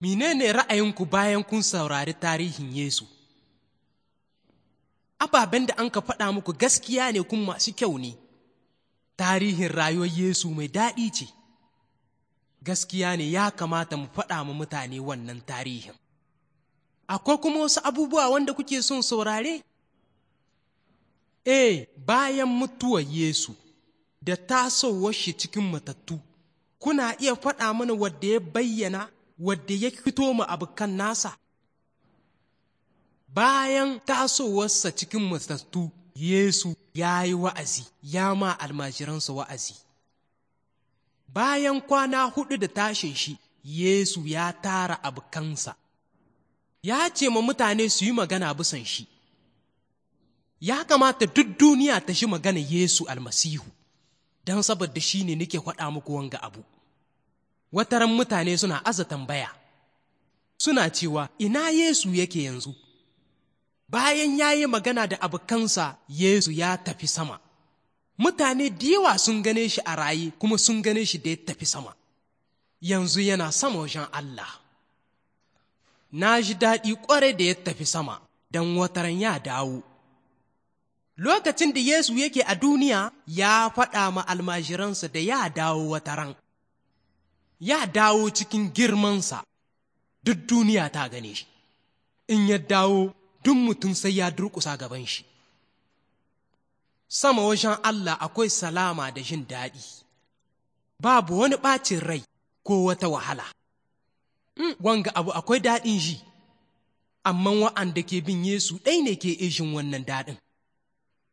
Menene ra'ayinku bayan kun saurari tarihin Yesu? Ababen da an ka faɗa muku gaskiya ne kun masu kyau ne, tarihin rayuwar Yesu mai daɗi ce. Gaskiya ne ya kamata mu faɗa mu mutane wannan tarihin. Akwai kuma wasu abubuwa wanda kuke son saurare? eh bayan mutuwar Yesu da tasowar shi cikin matattu, kuna iya faɗa mana wadda ya bayyana wadda ya fito ma abokan nasa bayan tasowarsa cikin matattu Yesu ya yi wa'azi ya ma almajiransa wa'azi bayan kwana hudu da tashin shi Yesu ya tara abokansa ya ce ma mutane su yi magana bisan shi ya kamata duk duniya ta shi magana Yesu almasihu don saboda shi ne nake kwaɗa muku wanga abu wataran mutane suna aza tambaya suna cewa ina Yesu yake yanzu bayan ya yi magana da abokansa Yesu ya tafi sama mutane diwa sun gane shi a raye kuma sun gane shi da ya tafi sama yanzu yana sama wajen Allah na ji daɗi ƙwarai da ya tafi sama don wataran ya dawo lokacin da Yesu yake a duniya ya faɗa ma almajiransa da ya dawo wataran ya dawo cikin girmansa duk duniya ta gane shi in ya dawo duk mutum sai ya durƙusa gaban shi sama wajen Allah akwai salama da jin daɗi babu wani ɓacin rai ko wata wahala hmm, wanga abu akwai daɗin ji amma wa'anda ke bin Yesu ɗai ne ke ishin wannan daɗin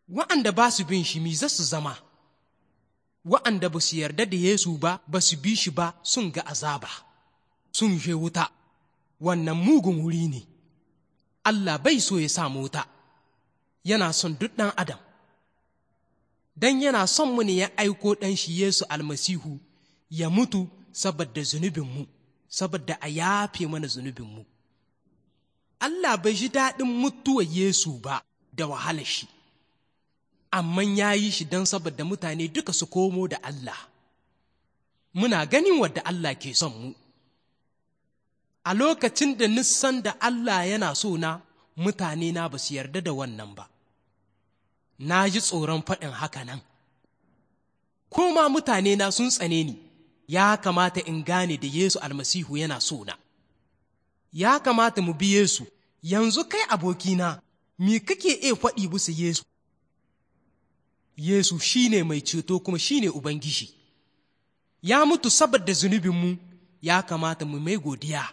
wa'anda ba su bin shi mi za su zama wa'anda ba su yarda da Yesu ba ba su bi shi ba sun ga azaba sun je wuta wannan mugun wuri ne Allah bai so ya samu wuta yana son duk ɗan adam don yana son mu ne ya aiko ɗan shi Yesu almasihu ya mutu saboda zunubinmu saboda a yafe mana zunubinmu Allah bai ji daɗin mutuwar Yesu ba da wahalar shi amma ya yi shi don saboda mutane duka su komo da Allah muna ganin wadda Allah ke son mu a lokacin da nisan da Allah yana so na mutane na ba su yarda da wannan ba na ji tsoron faɗin haka nan koma mutane na sun tsane ni ya kamata in gane da Yesu almasihu yana so na ya kamata mu bi Yesu yanzu kai abokina me kake iya faɗi busa Yesu Yesu shi ne mai ceto kuma shi ne Ubangiji, ya mutu saboda zunubinmu ya kamata mu mai godiya.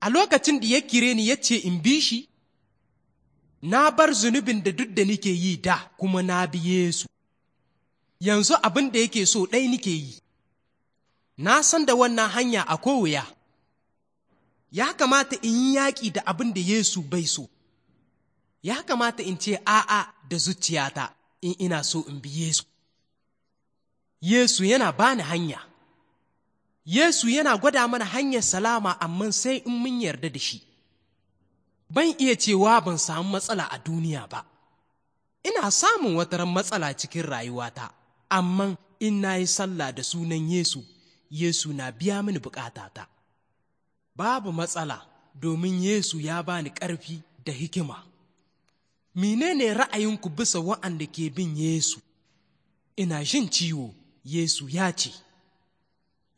A lokacin da ya kire ni ya ce in bi shi, na bar zunubin da duk da nike yi da kuma na bi Yesu. Yanzu abin da yake so ɗai nike yi, na san da wannan hanya a kowaya. ya kamata in yi yaƙi da abin da Yesu bai so, ya kamata in ce a'a da zuciyata. in ina so in bi Yesu. Yesu yana bani hanya, Yesu yana gwada mana hanyar salama amma sai in mun yarda da shi. Ban iya cewa ban samu matsala a duniya ba, ina samun wata ran matsala cikin rayuwata, amma in na yi sallah da sunan Yesu, Yesu na biya mini bukatata. Babu matsala domin Yesu ya bani ƙarfi da hikima. menene ra'ayinku bisa wa'anda ke bin Yesu ina jin ciwo Yesu ya ce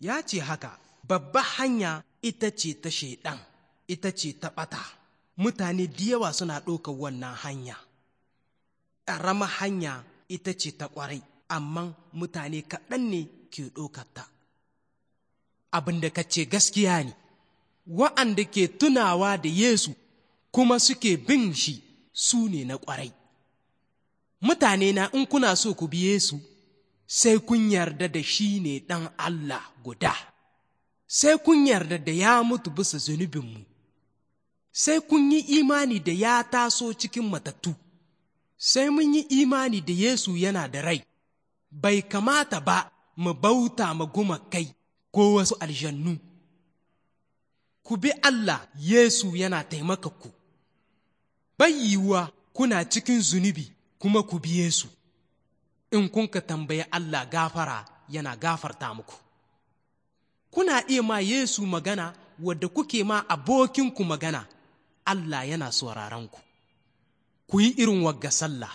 ya ce haka babba hanya ita ce ta shaiɗan ita ce ta ɓata mutane diyawa yawa suna ɗaukar wannan hanya ƙarama hanya ita ce ta ƙwarai amma mutane kaɗan ne ke ɗaukarta abin da ka ce gaskiya ne wa'anda ke tunawa da Yesu kuma suke bin shi su ne na ƙwarai mutane na in kuna so ku biye su sai kun yarda da shi ne ɗan Allah guda sai kun yarda da ya mutu bisa zunubinmu sai kun yi imani da ya taso cikin matattu sai mun yi imani da Yesu yana da rai bai kamata ba mu bauta ma kai ko wasu aljannu ku bi Allah Yesu yana taimaka ku bai yiwuwa kuna cikin zunubi kuma ku biye su, in kun ka tambayi Allah gafara yana gafarta muku. Kuna iya ma Yesu magana wadda kuke ma abokinku magana, Allah yana sauraronku. Ku yi irin wagga sallah,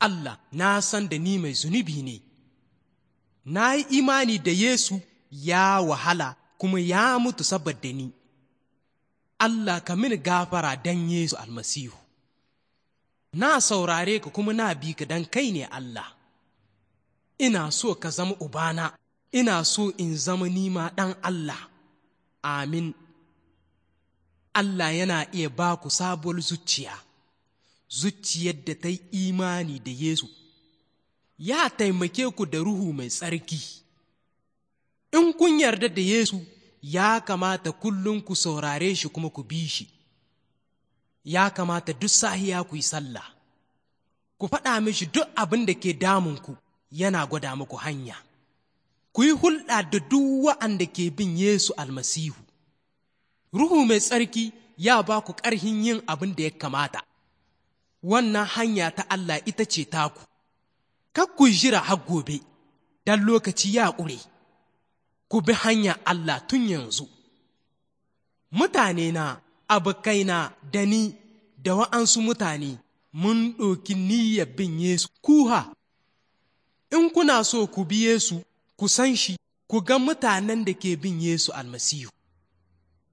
Allah na san da ni mai zunubi ne, na yi imani da Yesu ya wahala kuma ya mutu saboda ni. Allah ka mini gafara don Yesu almasihu na saurare ka kuma na bi ka don kai ne Allah ina so ka zama ubana ina so in zama nima ɗan Allah amin Allah yana iya ba ku sabuwar zuciya zuciyar da ta yi imani da Yesu ya taimake ku da ruhu mai tsarki in kun yarda da Yesu ya kamata kullum ku saurare shi kuma ku bi shi ya kamata duk sahiya ku yi sallah ku faɗa mishi duk abin da ke damunku yana gwada muku hanya ku yi hulɗa da duk wa'anda ke bin Yesu almasihu ruhu mai tsarki ya ba ku ƙarhin yin abin da ya kamata wannan hanya ta Allah ita ce taku kakku jira har gobe dan lokaci ya ƙure ku bi hanya Allah tun yanzu. Mutane na, abokaina da ni da wa'ansu mutane mun ɗoki niyyar bin Yesu, kuha, in kuna so ku bi Yesu, ku san shi, ku ga mutanen da ke bin Yesu almasihu.